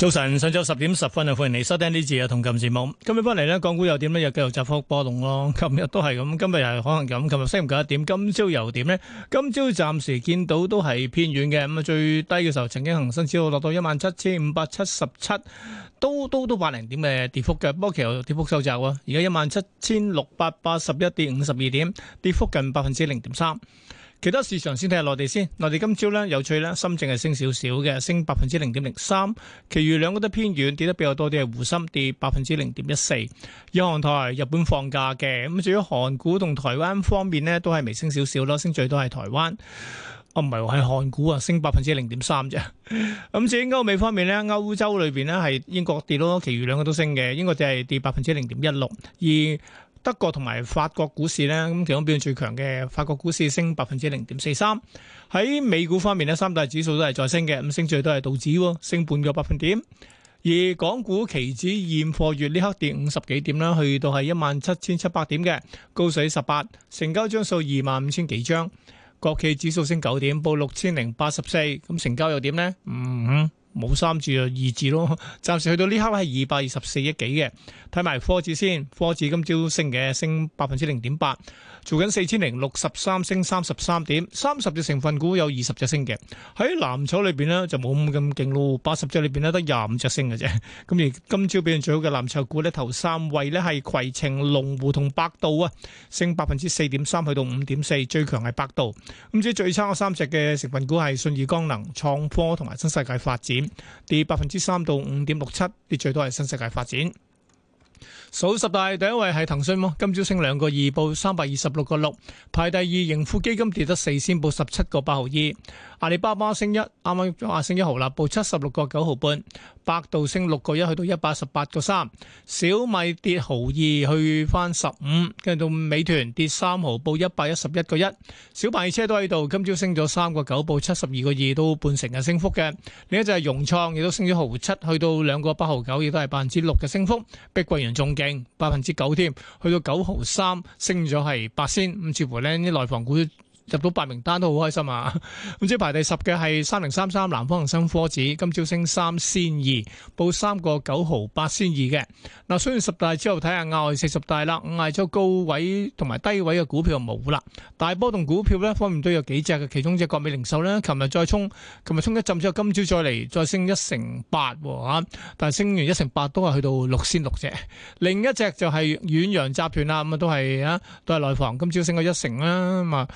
早晨，上晝十點十分就歡迎你收聽呢節啊同琴節目。今日翻嚟咧，港股點又點呢？又繼續窄幅波動咯。今日都係咁，今日又係可能咁，琴日升唔夠一點，今朝又點呢？今朝暫時見到都係偏軟嘅，咁啊最低嘅時候曾經恒生指數落到一萬七千五百七十七，都都都八零點嘅跌幅嘅，不過跌幅收窄啊，而家一萬七千六百八十一點五十二點，跌幅近百分之零點三。其他市場先睇下內地先，內地今朝咧有趣咧，深圳係升少少嘅，升百分之零點零三。其餘兩個都偏軟，跌得比較多啲，係滬深，跌百分之零點一四。日韓台日本放假嘅，咁至於韓股同台灣方面咧，都係微升少少咯，升最多係台灣。啊，唔係喎，係韓股啊，升百分之零點三啫。咁 至於歐美方面咧，歐洲裏邊咧係英國跌咯，其餘兩個都升嘅，英國只係跌百分之零點一六。而德國同埋法國股市咧，咁其中表現最強嘅法國股市升百分之零點四三。喺美股方面咧，三大指數都係再升嘅，五升最多係道指，升半個百分點。而港股期指現貨月呢刻跌五十幾點啦，去到係一萬七千七百點嘅，高水十八，成交張數二萬五千幾張。國企指數升九點，報六千零八十四，咁成交又點呢？嗯哼冇三字啊，二字咯。暫時去到呢刻係二百二十四億幾嘅。睇埋科指先，科指今朝升嘅，升百分之零點八。做緊四千零六十三升三十三點，三十隻成分股有二十隻升嘅。喺藍籌裏邊呢，就冇咁咁勁咯，八十隻裏邊呢，得廿五隻升嘅啫。咁而今朝表現最好嘅藍籌股呢，頭三位呢係攜程、龍湖同百度啊，升百分之四點三去到五點四，最強係百度。咁至係最差嘅三隻嘅成分股係信義光能、創科同埋新世界發展，跌百分之三到五點六七，跌最多係新世界發展。數十大第一位係騰訊喎，今朝升兩個二，報三百二十六個六。排第二盈富基金跌得四仙，報十七個八毫二。阿里巴巴升一，啱啱升一毫啦，報七十六個九毫半。百度升六個一，去到一百一十八個三。小米跌毫二，去返十五。跟住到美團跌三毫，報一百一十一個一。小排車都喺度，今朝升咗三個九，報七十二個二，都半成嘅升幅嘅。另一隻就係融創，亦都升咗毫七，去到兩個八毫九，亦都係百分之六嘅升幅。碧桂園仲勁，百分之九添，去到九毫三，升咗係八仙。咁似乎咧啲內房股。入到白名單都好開心啊！咁即係排第十嘅係三零三三南方恒生科指，今朝升三仙二，報三個九毫八仙二嘅。嗱，雖然十大之後睇下外四十大啦，外咗高位同埋低位嘅股票冇啦。大波動股票咧方面都有幾隻嘅，其中隻國美零售咧，琴日再衝，琴日衝一浸之後，今朝再嚟再升一成八，吓，但係升完一成八都係去到六仙六隻。另一隻就係遠洋集團啦，咁啊都係啊都係內房，今朝升咗一成啦，咁啊。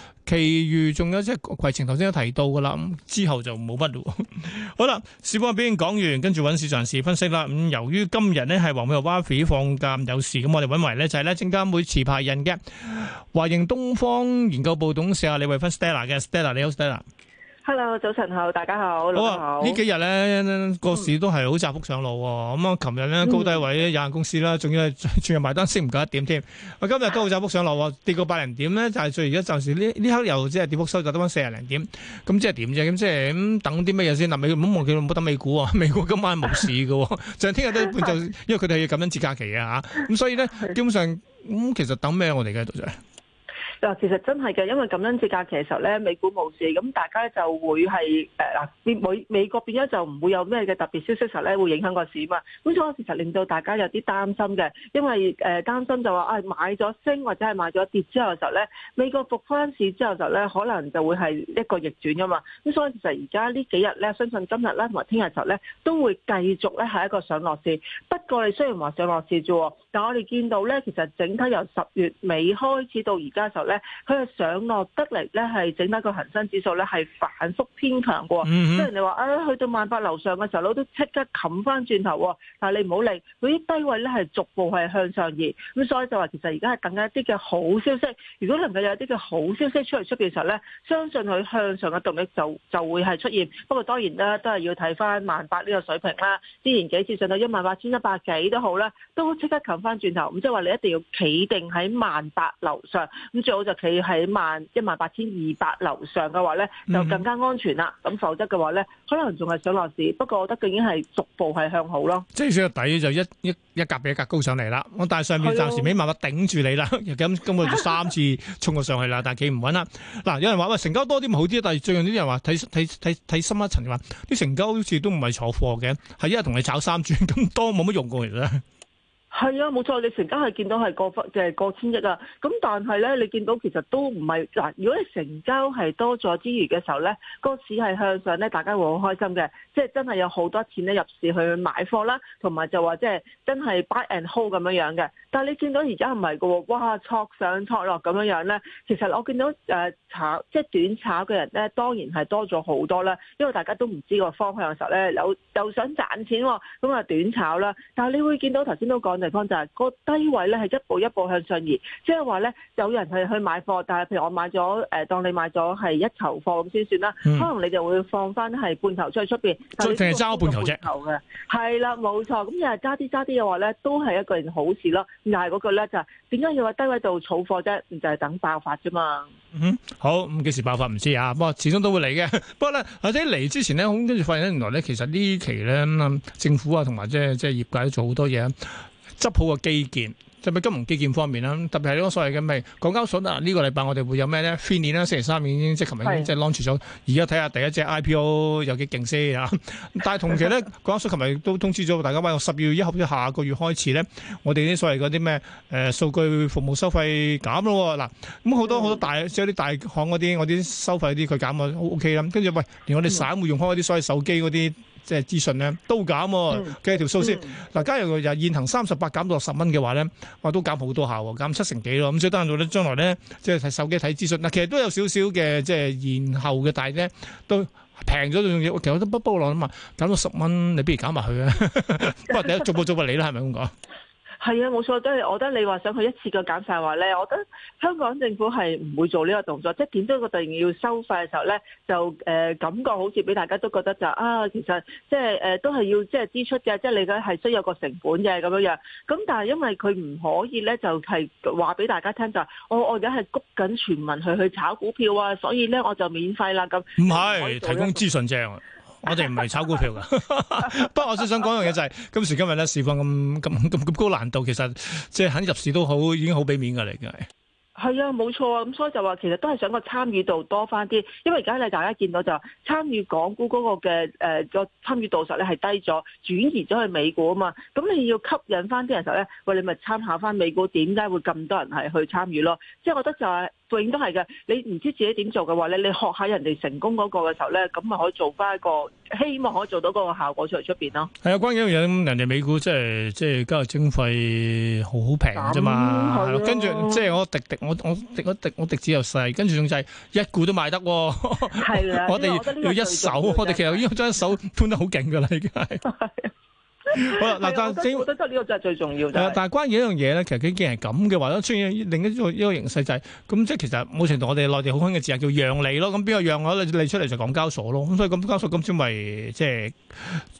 例如仲有即係攜程頭先有提到噶啦，之後就冇乜咯。 好啦，市況表現講完，跟住揾市場人士分析啦。咁、嗯、由於今日呢係王美華 Wafi 放假有事，咁我哋揾埋咧就係咧證監會持牌人嘅華盈東方研究部董事阿李慧芬 Stella 嘅 Stella，你好 Stella。Hello，早晨好，大家好，老好。好啊、幾呢幾日咧，個市都係好窄幅上落、哦。咁、嗯、啊，琴日咧高低位有限公司啦，仲要全日埋單先唔夠一點添。今日都好窄幅上落，跌過百零點咧，就係最而家暫時呢呢刻又即係跌幅收窄得翻四十零點，咁即係點啫？咁即係、嗯、等啲咩嘢先？嗱、啊，美唔好忘記冇等美股啊、哦！美股今晚冇事嘅、哦， 就係聽日都就因為佢哋要咁樣節假期啊吓。咁、嗯、所以咧，基本上咁、嗯、其實等咩我哋嘅讀嗱，其實真係嘅，因為咁樣只假期嘅時候咧，美股冇事，咁大家就會係誒嗱，美美國變咗就唔會有咩嘅特別消息時候咧，會影響個市嘛。咁所以其實令到大家有啲擔心嘅，因為誒呃、擔心就話啊、哎、買咗升或者係買咗跌之後嘅時候咧，美國復翻市之後就咧，可能就會係一個逆轉噶嘛。咁所以其實而家呢幾日咧，相信今日咧同埋聽日時候咧，都會繼續咧係一個上落市。不過你雖然話上落市啫，但我哋見到咧，其實整體由十月尾開始到而家嘅時候咧。佢係上落得嚟咧，係整得個恒生指數咧係反覆偏強嘅。即係、嗯嗯、人哋話啊，去到萬八樓上嘅時候，都即刻冚翻轉頭。但係你唔好理嗰啲低位咧，係逐步係向上移。咁所以就話其實而家係等緊一啲嘅好消息。如果能夠有啲嘅好消息出嚟出嘅時候咧，相信佢向上嘅動力就就會係出現。不過當然啦，都係要睇翻萬八呢個水平啦。之前幾次上到一萬八千一百幾都好啦，都即刻冚翻轉頭。咁即係話你一定要企定喺萬八樓上。咁仲有。就企喺萬一萬八千二百樓上嘅話咧，就更加安全啦。咁否則嘅話咧，可能仲係上落市。不過我覺得佢已經係逐步係向好咯。即係個底就一一一格比一格高上嚟啦。我但係上面暫時未慢慢頂住你啦。咁我就三次衝過上去啦，但係企唔穩啦。嗱，有人話喂，成交多啲咪好啲？但係最近啲人話睇睇睇睇深一層，話啲成交好似都唔係坐貨嘅，係一日同你炒三轉咁多冇乜用㗎其實。係啊，冇錯，你成交係見到係過即誒、即係、過千億啊。咁但係咧，你見到其實都唔係嗱。如果你成交係多咗之餘嘅時候咧，個市係向上咧，大家會好開心嘅。即係真係有好多錢咧入市去買貨啦，同埋就話即係真係 buy and hold 咁樣樣嘅。但係你見到而家唔係㗎喎，哇，挫上挫落咁樣樣咧。其實我見到誒、啊、炒，即係短炒嘅人咧，當然係多咗好多啦。因為大家都唔知個方向嘅時候咧，有又想賺錢咁啊短炒啦。但係你會見到頭先都講。地方就係、是、個低位咧，係一步一步向上移。即係話咧，有人係去買貨，但係譬如我買咗誒，當你買咗係一球貨咁先算啦，嗯、可能你就會放翻係半球出去出邊、就是，就淨係揸半球啫，係啦，冇錯。咁又係揸啲揸啲嘅話咧，都係一件好事咯。但係嗰句咧就係點解要喺低位度儲貨啫？就係等爆發啫嘛。嗯，好，咁幾時爆發唔知啊？終 不過始終都會嚟嘅。不過咧，或者嚟之前咧，咁跟住發現原來咧，其實期呢期咧，政府啊同埋即係即係業界都做好多嘢。執好個基建，就係金融基建方面啦，特別係呢個所謂嘅咩港交所啊。呢個禮拜我哋會有咩咧？FINI 啦，星期三已經即係琴日已經即係 launch 咗，而家睇下第一隻 IPO 有幾勁先啊！但係同期咧， 港交所琴日亦都通知咗大家，喂，十二月一號即下個月開始咧，我哋啲所謂嗰啲咩誒數據服務收費減咯。嗱，咁好多好多大即係啲大行嗰啲，嗰啲收費啲佢減我 O K 啦。跟住喂，連我哋省會用開啲所謂手機嗰啲。即係資訊咧都減、喔，計、嗯、條數先。嗱、嗯，假如就現行三十八減到十蚊嘅話咧，話都減好多下喎，減七成幾咯。咁所以等下到咧將來咧，即係睇手機睇資訊。嗱，其實都有少少嘅即係延後嘅，但係咧都平咗最重要。其實我都不煲落啊嘛，減到十蚊，你不如減埋佢啊。不過第一，做唔做埋你啦，係咪咁講？係啊，冇錯，都係。我覺得你話想去一次過減晒話咧，我覺得香港政府係唔會做呢個動作。即係點都個突然要收費嘅時候咧，就誒、呃、感覺好似俾大家都覺得就啊，其實即係誒都係要即係支出嘅，即、就、係、是、你講係需有個成本嘅咁樣樣。咁但係因為佢唔可以咧，就係話俾大家聽就係哦、我我而家係谷緊全民去去炒股票啊，所以咧我就免費啦咁。唔係，是提供資訊正。我哋唔係炒股票㗎， 不過我想想講一樣嘢就係、是、今時今日咧，市況咁咁咁咁高難度，其實即係肯入市都好，已經好俾面嘅嚟嘅。係啊，冇錯啊，咁所以就話其實都係想個參與度多翻啲，因為而家咧大家見到就參與港股嗰個嘅誒個參與度實咧係低咗，轉移咗去美股啊嘛，咁你要吸引翻啲人時候咧，喂，你咪參考翻美股，點解會咁多人係去參與咯？即係我覺得就係、是。永遠都係嘅，你唔知自己點做嘅話咧，你學下人哋成功嗰個嘅時候咧，咁咪可以做翻一個，希望可以做到嗰個效果出嚟出邊咯。係啊，關鍵樣，人哋美股即係即係交易徵費好平啫嘛，係、就、咯、是。嗯、跟住即係我滴滴，我滴滴我滴,滴我滴我滴,滴子又細，跟住仲就係一股都賣得、哦。係啦的， 我哋要一手，我哋其實已經將一手搬得好勁噶啦，已經係。好啦，嗱，但對正得呢個就係最重要。但係，但係關於一樣嘢咧，其實既然係咁嘅話咯。出現另一個一個形勢就係、是、咁，即係其實冇程度我哋內地好興嘅字係叫讓利咯。咁邊個讓啊？你出嚟就港交所咯。咁所以港交所今朝咪即係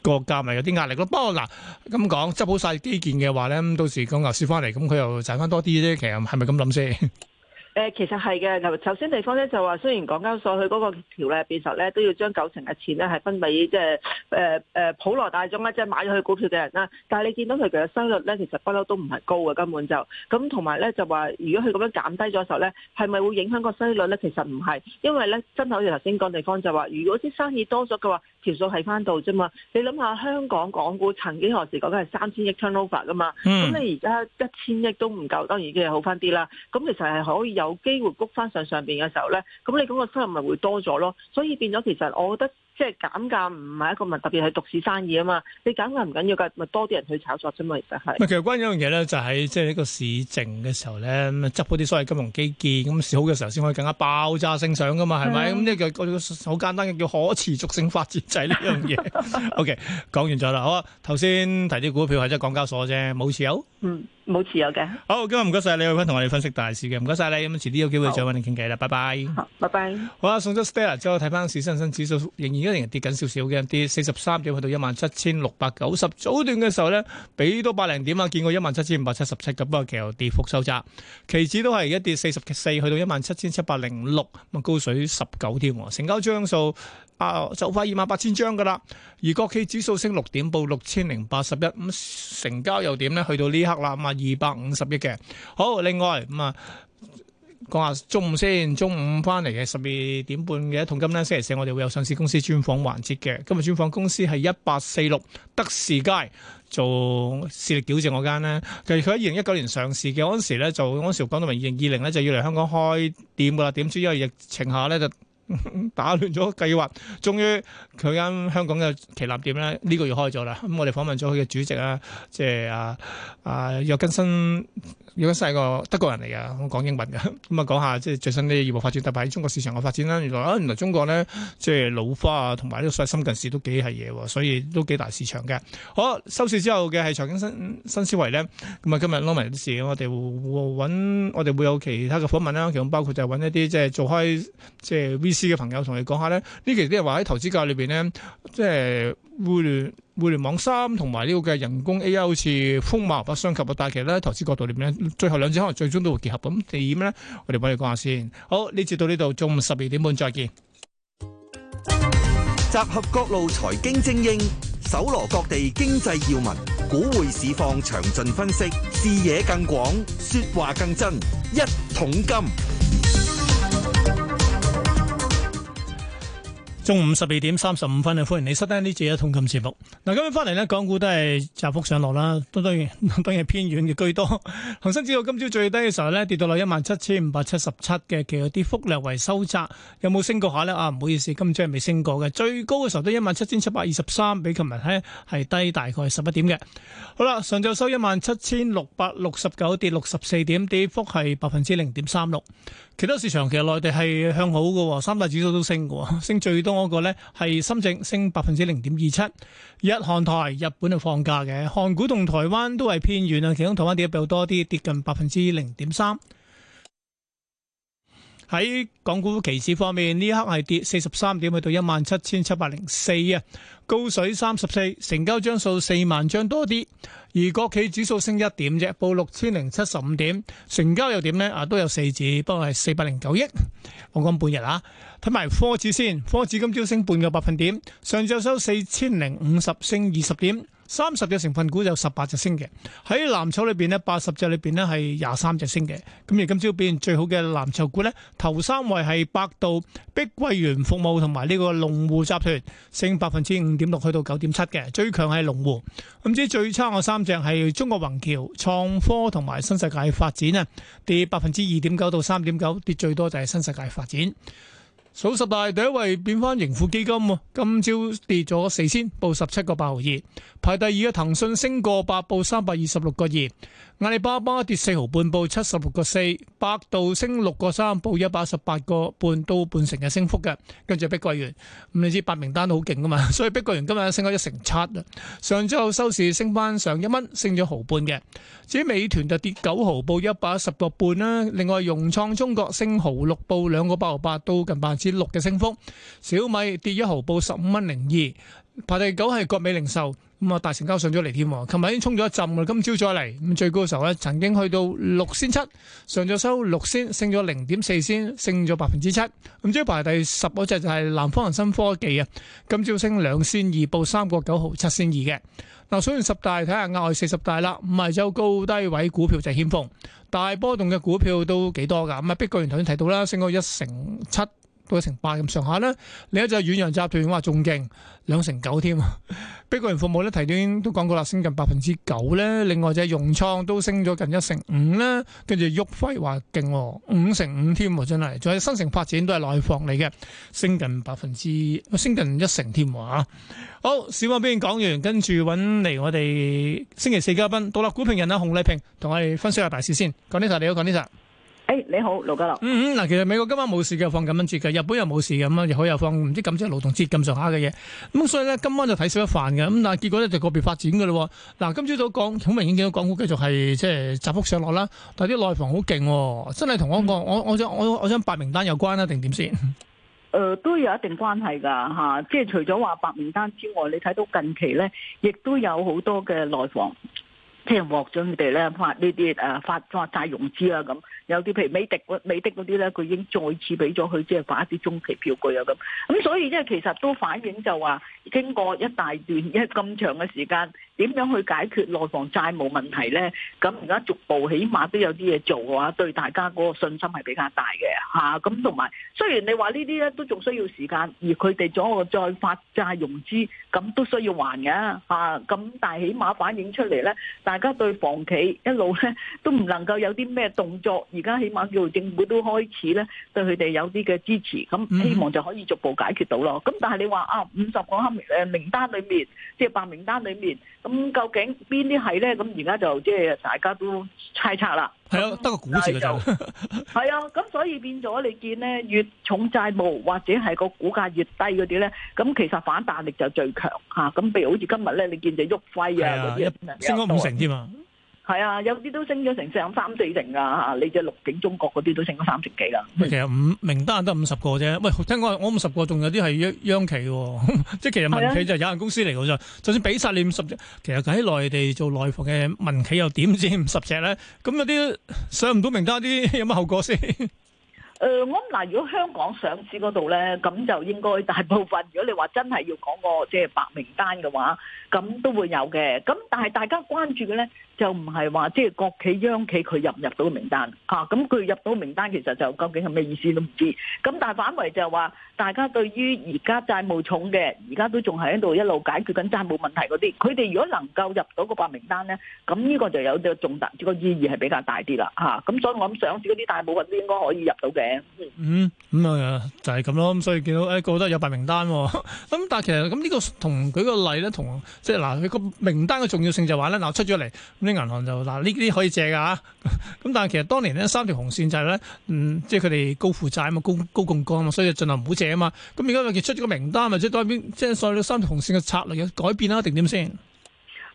個價咪有啲壓力咯。不過嗱咁講，執好晒基建嘅話咧，到時個牛市翻嚟，咁佢又賺翻多啲啫。其實係咪咁諗先？誒，其實係嘅。頭首先，地方咧就話，雖然港交所佢嗰個條例變實咧，都要將九成嘅錢咧係分俾即係誒誒普羅大眾啊，即係買咗佢股票嘅人啦。但係你見到佢嘅收率咧，其實不嬲都唔係高嘅，根本就咁同埋咧就話，如果佢咁樣減低咗時候咧，係咪會影響個收率咧？其實唔係，因為咧真係好似頭先講地方就話，如果啲生意多咗嘅話。條數係翻度啫嘛，你諗下香港港股曾經何時講緊係三千億 turnover 噶嘛？咁你而家一千億都唔夠，當然已經係好翻啲啦。咁其實係可以有機會谷翻上上邊嘅時候咧，咁你嗰個收入咪會多咗咯。所以變咗其實我覺得。即係減價唔係一個物，特別係獨市生意啊嘛，你減價唔緊要噶，咪、就是、多啲人去炒作啫嘛，其實係。咪其實關於一樣嘢咧，就喺、是、即係呢個市靜嘅時候咧，咪執啲所謂金融基建咁好嘅時候，先可以更加爆炸性上噶嘛，係咪的？咁呢個好簡單嘅叫可持續性發展制呢樣嘢。O K，講完咗啦，好啊，頭先提啲股票或者係港交所啫，冇持有。嗯冇持有嘅。好，今日唔該晒李偉坤同我哋分析大市嘅，唔該晒你。咁遲啲有機會再搵你傾偈啦，好拜拜。好，拜拜。好啊，送咗 Stella 之後，睇翻市，新新指數仍然依然跌緊少少嘅，跌四十三點去到一萬七千六百九十。早段嘅時候咧，比到百零點啊，見過一萬七千五百七十七嘅，不過其實跌幅收窄。期指都係一跌四十四，去到一萬七千七百零六，咁高水十九添。成交張數。啊，就快二萬八千張噶啦，而國企指數升六點，報六千零八十一，咁成交又點咧？去到呢刻啦，嘛二百五十億嘅。好，另外咁啊、嗯，講下中午先，中午翻嚟嘅十二點半嘅。一桶金咧，星期四我哋會有上市公司專訪環節嘅。今日專訪公司係一八四六德視佳，做視力矯正嗰間咧，其實佢喺二零一九年上市嘅，嗰陣時咧就嗰陣時講到明二零二零咧就要嚟香港開店噶啦，點知因為疫情下咧就～ 打亂咗計劃，終於佢間香港嘅旗艦店咧呢、這個月開咗啦。咁、嗯、我哋訪問咗佢嘅主席啊，即係啊啊，又更新又更新一個德國人嚟噶，我講英文噶。咁、嗯、啊講下即係最新啲業務發展，特別喺中國市場嘅發展啦。原來原來中國咧即係老花啊，同埋呢個所謂深近視都幾係嘢，所以都幾大市場嘅。好，收市之後嘅係財經新新思維咧。咁啊，今日攞埋啲事，我哋會搵，我哋會,會,會,會,會,會,會有其他嘅訪問啦。其中包括就係搵一啲即係做開即係嘅朋友同你講下咧，呢期都係話喺投資界裏邊呢，即係互聯互聯網三同埋呢個嘅人工 A I 好似風貌不相及但係其實咧，投資角度裏邊咧，最後兩支可能最終都會結合咁。第二點咧，我哋幫你講下先。好，呢節到呢度，中午十二點半再見。集合各路財經精英，搜羅各地經濟要聞，股匯市況詳盡分析，視野更廣，說話更真，一桶金。中午十二點三十五分啊，歡迎你收聽呢節嘅《一桶金》節目。嗱，今日翻嚟咧，港股都係窄幅上落啦，都當然當然偏軟嘅居多。恒生指數今朝最低嘅時候呢，跌到落一萬七千五百七十七嘅，其實啲幅略為收窄。有冇升過下呢？啊，唔好意思，今朝係未升過嘅。最高嘅時候都一萬七千七百二十三，比琴日咧係低大概十一點嘅。好啦，上晝收一萬七千六百六十九，跌六十四點，跌幅係百分之零點三六。其他市場其實內地係向好嘅，三大指數都升嘅，升最多嗰個咧係深證，升百分之零點二七。日韓台，日本就放假嘅，韓股同台灣都係偏軟啊，其中台灣跌得比較多啲，跌近百分之零點三。喺港股期指方面，呢刻係跌四十三點去到一萬七千七百零四啊，高水三十四，成交張數四萬張多啲。而國企指數升一點啫，報六千零七十五點，成交又點呢？啊，都有四字，不過係四百零九億。講講半日啊，睇埋科指先，科指今朝升半個百分點，上晝收四千零五十，升二十點。三十隻成分股有十八隻升嘅，喺藍籌裏邊呢，八十隻裏邊呢係廿三隻升嘅。咁而今朝表現最好嘅藍籌股呢，頭三位係百度、碧桂園服務同埋呢個龍湖集團，升百分之五點六，去到九點七嘅。最強係龍湖。咁至最差嘅三隻係中國宏橋、創科同埋新世界發展呢，跌百分之二點九到三點九，跌最多就係新世界發展。數十大第一位變返盈富基金，今朝跌咗四千，報十七個八毫二。排第二嘅騰訊升過百，報三百二十六個二。阿里巴巴跌四毫半，報七十六個四；百度升六個三，報一百十八個半到半成嘅升幅嘅。跟住碧桂園，嗯，你知白名單好勁噶嘛，所以碧桂園今日升咗一成七啦。上周收市升翻上一蚊，升咗毫半嘅。至於美團就跌九毫，報一百一十個半啦。另外融創中國升毫六，報兩個八毫八到近百分之六嘅升幅。小米跌一毫，報十五蚊零二。排第九係國美零售。咁啊，大成交上咗嚟添，琴日已經衝咗一陣嘅，今朝再嚟。咁最高嘅時候咧，曾經去到六仙七，上咗收六仙，升咗零點四仙，升咗百分之七。咁即係排第十嗰隻就係南方恒生科技啊，今朝升兩仙二，報三個九毫七仙二嘅。嗱，所以十大睇下，外四十大啦，五日周高低位股票就係欠奉，大波動嘅股票都幾多㗎。咁啊，碧桂園頭先提到啦，升到一成七。到一成八咁上下啦，另一隻遠洋集團話仲勁兩成九添，碧桂園服務咧提點都講過啦，升近百分之九咧，另外隻融創都升咗近一成五咧，跟住旭輝話勁五成五添，真係，仲有新城發展都係內房嚟嘅，升近百分之、啊、升近一成添啊！好，小馬片講完，跟住揾嚟我哋星期四嘉賓到啦，股評人啊，洪麗萍同我哋分析下大市先。鄺呢澤，你好，鄺呢澤。誒，hey，你好，盧家樂。嗯嗯，嗱，其實美國今晚冇事嘅，放感恩節嘅，日本又冇事咁啊，又好又放唔知感恩節、勞動節咁上下嘅嘢。咁所以咧，今晚就睇少一飯嘅。咁但係結果咧，就個別發展嘅咯。嗱，今朝早講，好明顯見到港股繼續係即係窄幅上落啦。但係啲內房好勁，真係同我講、嗯，我我想我我想白名單有關啊，定點先？誒、呃，都有一定關係噶吓，即係除咗話白名單之外，你睇到近期咧，亦都有好多嘅內房。聽獲將佢哋咧發呢啲誒發發債融資啊咁，有啲譬如美的美的嗰啲咧，佢已經再次俾咗佢即係發一啲中期票據啊咁，咁所以即係其實都反映就話經過一大段一咁長嘅時間，點樣去解決內房債務問題咧？咁而家逐步起碼都有啲嘢做嘅話，對大家嗰個信心係比較大嘅嚇。咁同埋雖然你話呢啲咧都仲需要時間，而佢哋咗我再發債融資咁都需要還嘅㗎。咁但係起碼反映出嚟咧，但大家對房企一路咧都唔能夠有啲咩動作，而家起碼叫政府都開始咧對佢哋有啲嘅支持，咁希望就可以逐步解決到咯。咁但係你話啊，五十個黑名，名單裏面，即係白名單裏面，咁究竟邊啲係咧？咁而家就即係大家都猜測啦。係咯，得、嗯、個股市嘅就係啊！咁所以變咗，你見咧越重債務或者係個股價越低嗰啲咧，咁其實反彈力就最強吓。咁、啊、譬如好似今日咧，你見隻旭輝啊、嗯、升咗五成添啊！嗯嗯係啊，有啲都升咗成三三四成噶吓，你隻綠景中國嗰啲都升咗三成幾啦。其實五名單得五十個啫，喂，聽講我五十個仲有啲係央央企嘅，即係其實民企就有限公司嚟噶咋。就算俾晒你五十隻，其實喺內地做內房嘅民企又點止五十隻咧？咁有啲上唔到名單啲有乜後果先？誒，我諗嗱，如果香港上市嗰度咧，咁就應該大部分。如果你話真係要講個即係白名單嘅話，咁都會有嘅。咁但係大家關注嘅咧？就唔係話即係國企、央企佢入唔入，啊、入到名單啊？咁佢入到名單，其實就究竟係咩意思都唔知。咁但係反為就係話，大家對於而家債務重嘅，而家都仲係喺度一路解決緊債務問題嗰啲，佢哋如果能夠入到個白名單咧，咁呢個就有個重大個意義係比較大啲啦。嚇、啊！咁所以我諗上市嗰啲大部分都應該可以入到嘅。嗯，咁啊、嗯嗯、就係咁咯。咁所以見到誒個個都有白名單喎。咁但係其實咁、這、呢個同舉個例咧，同即係嗱，佢個名單嘅重要性就係話咧，嗱出咗嚟。啲銀行就嗱呢啲可以借噶，啊，咁 但係其實當年咧三條紅線就係、是、咧，嗯，即係佢哋高負債啊嘛，高高槓桿啊嘛，所以儘量唔好借啊嘛。咁而家尤其出咗個名單啊，即、就、係、是、代表即係、就是、所有三條紅線嘅策略有改變啦、啊，定點先？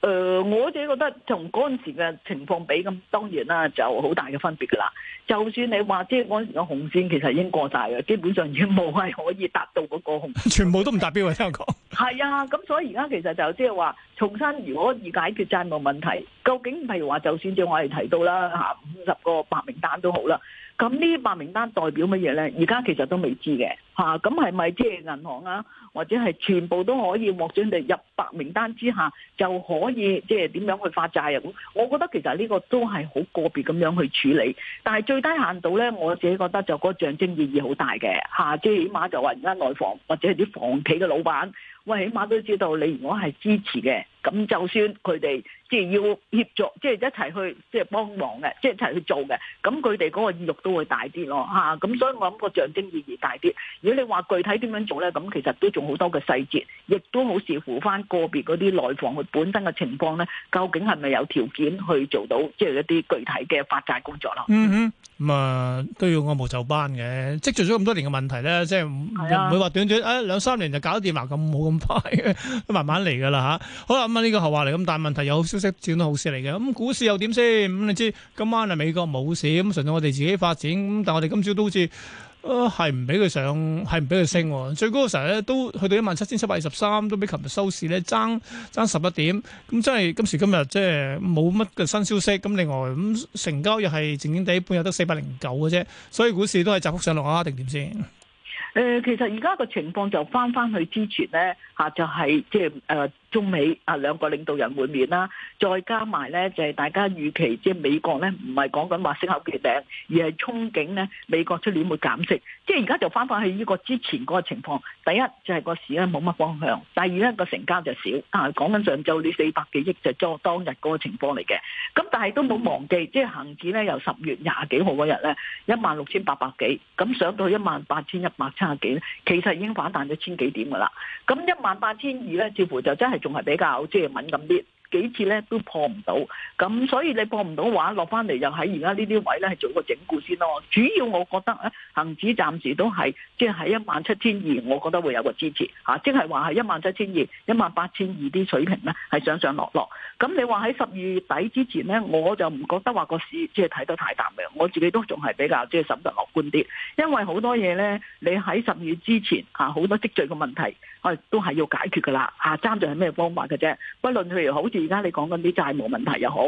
誒、呃，我自己覺得同嗰陣時嘅情況比咁，當然啦，就好大嘅分別噶啦。就算你話即係嗰陣時嘅紅線，其實已經過晒嘅，基本上已經冇係可以達到嗰個紅線。 全部都唔達標啊！聽我講。係 啊，咁所以而家其實就即係話，重新如果要解決債務問題，究竟唔係話，就算即我哋提到啦吓五十個白名單都好啦。咁呢白名單代表乜嘢呢？而家其實都未知嘅嚇，咁係咪即係銀行啊，或者係全部都可以獲准地入白名單之下，就可以即係點樣去發債啊？咁我覺得其實呢個都係好個別咁樣去處理，但係最低限度呢，我自己覺得就個象徵意義好大嘅嚇，即係起碼就話而家內房或者係啲房企嘅老闆，喂，起碼都知道你如果係支持嘅。咁就算佢哋即係要協助，即係一齊去即係幫忙嘅，即係一齊去做嘅。咁佢哋嗰個意欲都會大啲咯，嚇。咁所以我諗個象徵意義大啲。如果你話具體點樣做咧，咁其實都仲好多嘅細節，亦都好視乎返個別嗰啲內房佢本身嘅情況咧，究竟係咪有條件去做到即係一啲具體嘅發債工作咯？嗯哼，咁啊都要按步就班嘅，積聚咗咁多年嘅問題咧，即係唔唔會話短短誒兩三年就搞掂喇，咁冇咁快，慢慢嚟噶啦嚇。好啦。今晚呢個後話嚟，咁但係問題有消息轉到好事嚟嘅。咁、嗯、股市又點先？咁、嗯、你知今晚啊，美國冇事，咁、嗯、純粹我哋自己發展。咁、嗯、但係我哋今朝都好似，啊係唔俾佢上，係唔俾佢升、啊。最高嘅時候咧，都去到一萬七千七百二十三，都比琴日收市咧爭爭十一點。咁、嗯、真係今時今日即係冇乜嘅新消息。咁、嗯、另外咁、嗯、成交又係靜靜地，半日得四百零九嘅啫。所以股市都係窄幅上落啊，定點先？誒、呃，其實而家個情況就翻翻去之前咧。 啊、就係即係誒中美啊兩個領導人會面啦，再加埋咧就係、是、大家預期即係美國咧唔係講緊話息口結頂，而係憧憬咧美國出年會減息。即係而家就翻返去呢個之前嗰個情況，第一就係、是、個市咧冇乜方向，第二咧個成交就少。啊，講緊上晝呢四百幾億就當當日嗰個情況嚟嘅。咁但係都冇忘記，嗯、即係恆指咧由十月廿幾號嗰日咧一萬六千八百幾，咁上到一萬八千一百七十幾咧，其實已經反彈咗千幾點噶啦。咁一萬。萬八千二咧，似乎就真係仲係比較即係敏感啲，幾次咧都破唔到，咁所以你破唔到嘅話落翻嚟，就喺而家呢啲位咧係做個整固先咯。主要我覺得咧，恆指暫時都係即係喺一萬七千二，我覺得會有個支持嚇，即係話係一萬七千二、一萬八千二啲水平咧，係上上落落。咁你話喺十二月底之前呢，我就唔覺得話個市即係睇得太淡嘅，我自己都仲係比較即係審慎樂觀啲。因為好多嘢呢，你喺十二月之前啊，好多積聚嘅問題，啊都係要解決噶啦，啊爭在係咩方法嘅啫，不論譬如好似而家你講緊啲債務問題又好。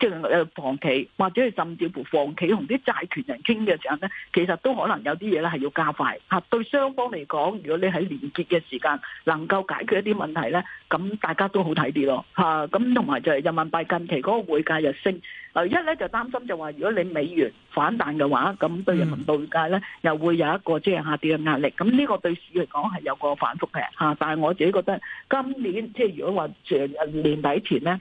即係有房企，或者係甚至乎房企同啲債權人傾嘅時候咧，其實都可能有啲嘢咧係要加快嚇。對雙方嚟講，如果你喺連結嘅時間能夠解決一啲問題咧，咁大家都好睇啲咯嚇。咁同埋就係人民幣近期嗰個匯價又升，嗱一咧就擔心就話，如果你美元反彈嘅話，咁對人民幣匯價咧又會有一個即係下跌嘅壓力。咁呢個對市嚟講係有個反覆嘅嚇。但係我自己覺得今年即係如果話上年底前咧。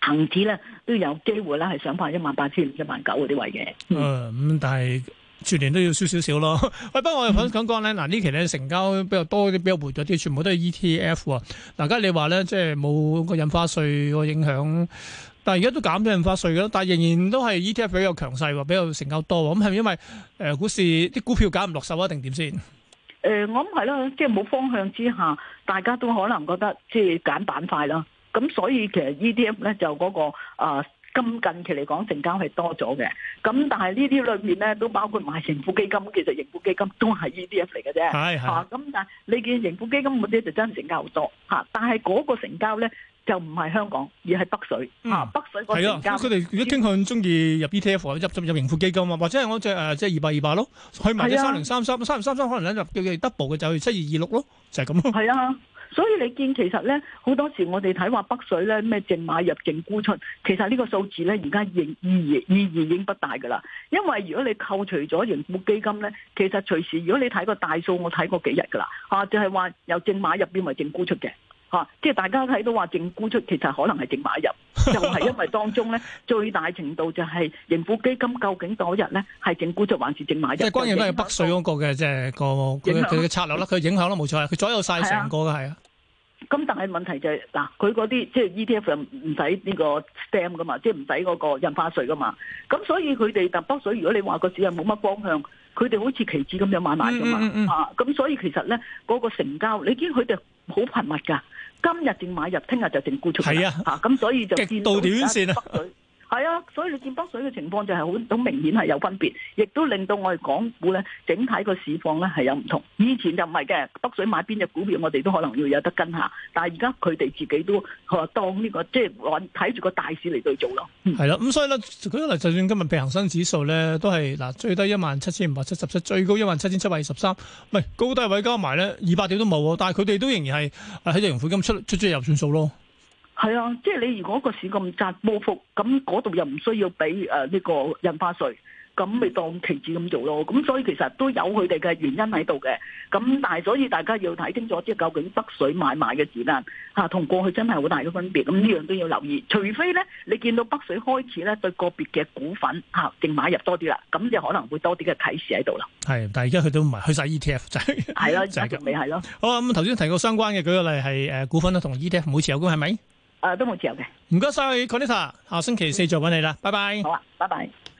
恒指咧都有機會咧係上翻一萬八千五、一萬九嗰啲位嘅。嗯，咁、嗯、但係全年都要少少少咯。喂、哎，不過我又想講講咧，嗱呢期咧成交比較多啲，比較活躍啲，全部都係 E T F 啊。嗱，家你話咧即係冇個印花稅個影響，但係而家都減咗印花稅噶，但係仍然都係 E T F 比較強勢，比較成交多。咁係咪因為誒股市啲股票揀唔落手啊，定點先？誒、呃，我諗係啦，即係冇方向之下，大家都可能覺得即係揀板塊啦。咁所以其實 E T F 咧就嗰個啊，今近期嚟講成交係多咗嘅。咁但係呢啲裏面咧都包括買盈富基金，其實盈富基金都係 E T F 嚟嘅啫。係，係。嚇，咁但係你見盈富基金嗰啲就真係成交好多嚇，但係嗰個成交咧就唔係香港而係北水，嚇北水個成交。係啊，咁佢哋如果傾向中意入 E T F 啊，入入盈富基金啊，或者係我隻誒即係二百二百咯，去埋啲三零三三三零三三，可能想入叫佢 double 嘅就去七二二六咯，就係咁咯。係啊。所以你見其實咧，好多時我哋睇話北水咧咩淨買入、淨沽出，其實個數呢個數字咧而家意義意意意已經不大噶啦。因為如果你扣除咗盈富基金咧，其實隨時如果你睇個大數，我睇過幾日噶啦，吓、啊、就係、是、話由淨買入變為淨沽出嘅。吓、啊，即係大家睇到話淨沽出，其實可能係淨買入，就係、是、因為當中咧最大程度就係盈富基金究竟嗰日咧係淨沽出還是淨買入？即係關鍵都係北水嗰個嘅，即係、那個佢嘅響策略啦，佢影響啦，冇錯，佢左右晒成個嘅係啊。咁、啊、但係問題就係、是、嗱，佢嗰啲即係 ETF 又唔使呢個 stamp 噶嘛，即係唔使嗰個印花稅噶嘛。咁所以佢哋但北水如果你話個市係冇乜方向，佢哋好似期指咁樣買賣噶嘛。咁所以其實咧嗰、那個成交，你見佢哋好頻密噶。今日定買入，聽日就定沽出。係啊，吓咁、啊、所以就見到到短線啊。係啊，所以你見北水嘅情況就係好好明顯係有分別，亦都令到我哋港股咧整體個市況咧係有唔同。以前就唔係嘅，北水買邊隻股票我哋都可能要有得跟下，但係而家佢哋自己都話當呢、這個即係按睇住個大市嚟去做咯。係、嗯、咯，咁、啊、所以咧，嗱，就算今日恒生指數咧都係嗱，最低一萬七千五百七十七，最高一萬七千七百二十三，唔係高低位加埋咧二百點都冇，但係佢哋都仍然係喺度融匯金出出出入算數咯。係啊，即係你如果個市咁窄波幅，咁嗰度又唔需要俾誒呢個印花稅，咁咪當期指咁做咯。咁所以其實都有佢哋嘅原因喺度嘅。咁但係所以大家要睇清楚即係究竟北水買賣嘅時間吓，同、啊、過去真係好大嘅分別。咁呢樣都要留意。除非咧，你見到北水開始咧對個別嘅股份吓淨、啊、買入多啲啦，咁就可能會多啲嘅啟示喺度啦。係，但係而家佢都唔係去晒 E T F 就係，係咯，而家未係咯。好、嗯、啊，咁頭先提過相關嘅舉個例係誒股份啦，同 E T F 每次有關係咪？是誒，都冇自由嘅。唔該晒，Conneta，下星期四再揾你啦，拜拜。好啊，拜拜。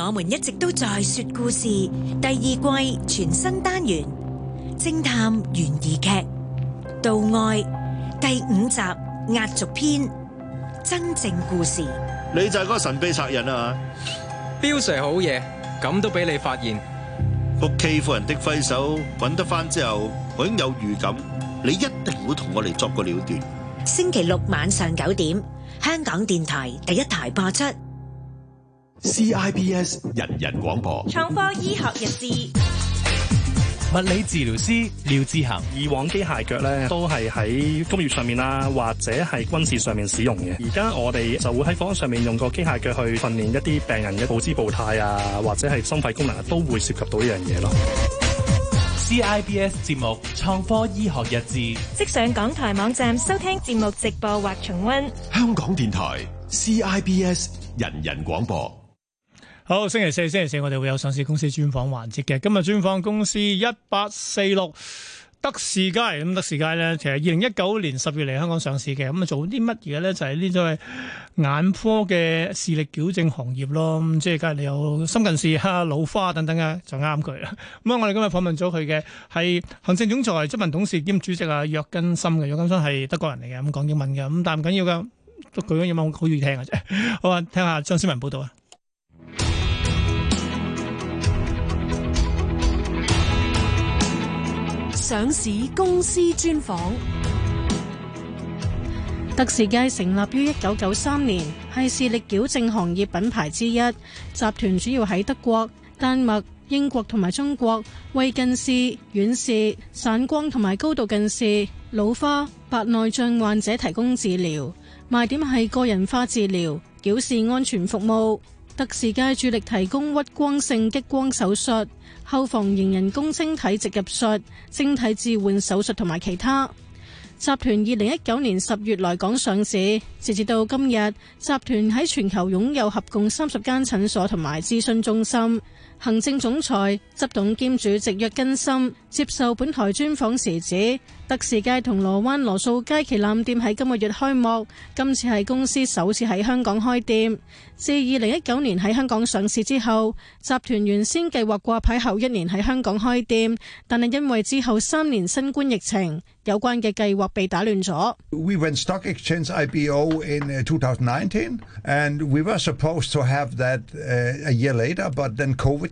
我們一直都在說故事，第二季全新單元《偵探懸疑劇道愛》第五集壓軸篇真正故事，你就係嗰個神秘殺人啊！彪 Sir 好嘢，咁都俾你發現，屋企婦人的揮手，揾得翻之後，我已經有預感，你一定會同我哋作個了斷。星期六晚上九點，香港電台第一台播出。CIBS 人人廣播，創科醫學日誌，物理治療師廖志恒。以往機械腳咧都係喺工業上面啊，或者係軍事上面使用嘅。而家我哋就會喺房上面用個機械腳去訓練一啲病人嘅步姿步態啊，或者係心肺功能都會涉及到呢樣嘢咯。CIBS 節目創科醫學日誌，即上港台網站收聽節目直播或重溫。香港電台 CIBS 人，人人廣播。好，星期四星期四我哋會有上市公司專訪環節嘅。今日專訪公司一八四六德士佳，咁德士佳咧，其實二零一九年十月嚟香港上市嘅。咁、嗯、啊做啲乜嘢咧？就係呢種眼科嘅視力矯正行業咯。咁、嗯、即係梗係你有深近視啊、老花等等嘅就啱佢啦。咁、嗯、啊，我哋今日訪問咗佢嘅係行政總裁、執行董事兼主席啊，約根森嘅。約根森係德國人嚟嘅，咁、嗯、講英文嘅。咁、嗯、但唔緊要噶，佢講英文好易聽嘅啫。好啊，聽下張思文報道啊。上市公司專訪。德視佳成立於一九九三年，係視力矯正行業品牌之一。集團主要喺德國、丹麥、英國同埋中國，為近視、遠視、散光同埋高度近視、老花、白內障患者提供治療。賣點係個人化治療、矯視安全服務。德視佳主力提供屈光性激光手術、後房型人工晶體植入術、晶體置換手術同埋其他。集團二零一九年十月來港上市，截至到今日，集團喺全球擁有合共三十間診所同埋諮詢中心。行政總裁執董兼主席約根森接受本台專訪時指，德士街銅鑼灣羅素街旗艦店喺今個月開幕，今次係公司首次喺香港開店。自2019年喺香港上市之後，集團原先計劃掛牌後一年喺香港開店，但係因為之後三年新冠疫情，有關嘅計劃被打亂咗。We went stock exchange IPO in 2019, and we were supposed to have that a year later, but then COVID.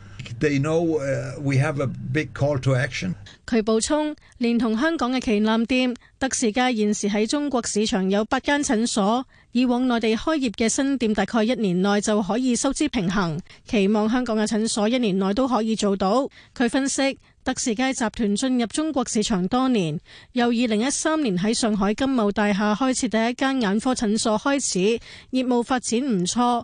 佢補充，連同香港嘅旗艦店，德視佳現時喺中國市場有八間診所。以往內地開業嘅新店，大概一年內就可以收支平衡。期望香港嘅診所一年內都可以做到。佢分析，德視佳集團進入中國市場多年，由二零一三年喺上海金茂大廈開設第一間眼科診所開始，業務發展唔錯。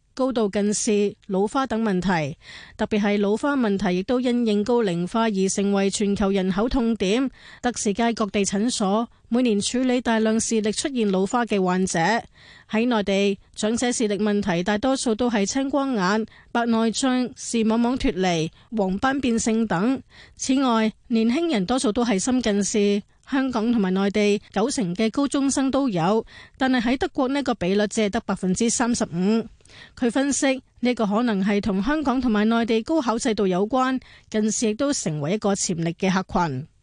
高度近視、老花等問題，特別係老花問題，亦都因應高齡化而成為全球人口痛點。德視佳各地診所每年處理大量視力出現老花嘅患者。喺內地，長者視力問題大多數都係青光眼、白內障、視網膜脫離、黃斑變性等。此外，年輕人多數都係深近視。香港同埋內地九成嘅高中生都有，但係喺德國呢個比率只係得百分之三十五。佢分析呢、這個可能係同香港同埋內地高考制度有關，近視亦都成為一個潛力嘅客群。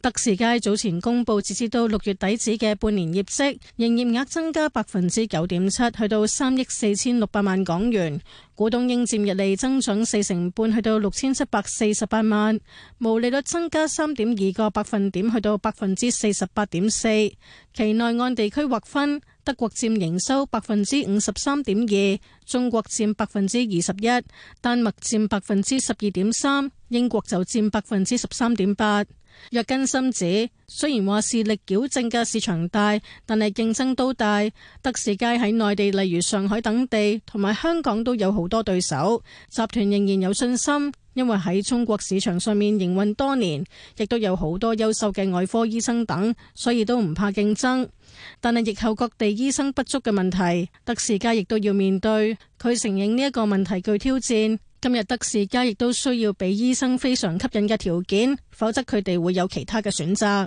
德視佳早前公布，截至到六月底止嘅半年業績，營業額增加百分之九點七，去到三億四千六百萬港元。股東應佔溢利增長四成半，去到六千七百四十八萬。毛利率增加三點二個百分點，去到百分之四十八點四。期內按地區劃分，德國佔營收百分之五十三點二，中國佔百分之二十一，丹麥佔百分之十二點三，英國就佔百分之十三點八。若根深指，雖然話視力矯正嘅市場大，但係競爭都大。德士佳喺內地，例如上海等地同埋香港都有好多對手。集團仍然有信心，因為喺中國市場上面營運多年，亦都有好多優秀嘅外科醫生等，所以都唔怕競爭。但係疫後各地醫生不足嘅問題，德士佳亦都要面對。佢承認呢一個問題具挑戰。今日德士家亦都需要俾醫生非常吸引嘅條件，否則佢哋會有其他嘅選擇。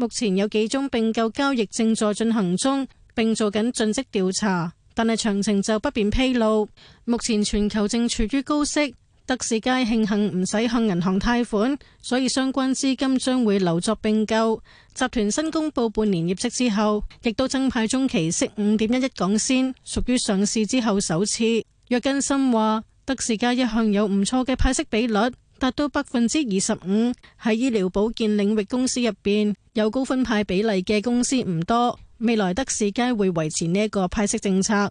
目前有幾宗並購交易正在進行中，並做緊盡職調查，但係詳情就不便披露。目前全球正處於高息，德士佳慶幸唔使向銀行貸款，所以相關資金將會留作並購。集團新公布半年業績之後，亦都增派中期息五點一一港仙，屬於上市之後首次。約根森話：德士佳一向有唔錯嘅派息比率。達到百分之二十五，喺醫療保健領域公司入邊有高分派比例嘅公司唔多，未來德士佳會維持呢一個派息政策。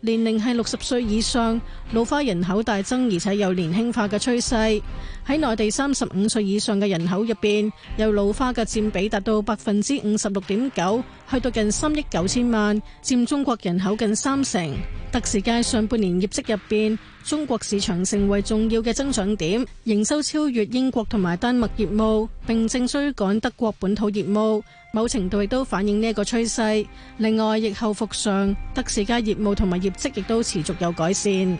年齡係六十歲以上老花人口大增，而且有年輕化嘅趨勢。喺內地三十五歲以上嘅人口入邊，有老花嘅佔比達到百分之五十六點九，去到近三億九千萬，占中國人口近三成。德視佳上半年業績入邊，中國市場成為重要嘅增長點，營收超越英國同埋丹麥業務，並正追趕德國本土業務。某程度亦都反映呢一個趨勢。另外疫後復常，德視佳業務同埋業業績亦都持續有改善。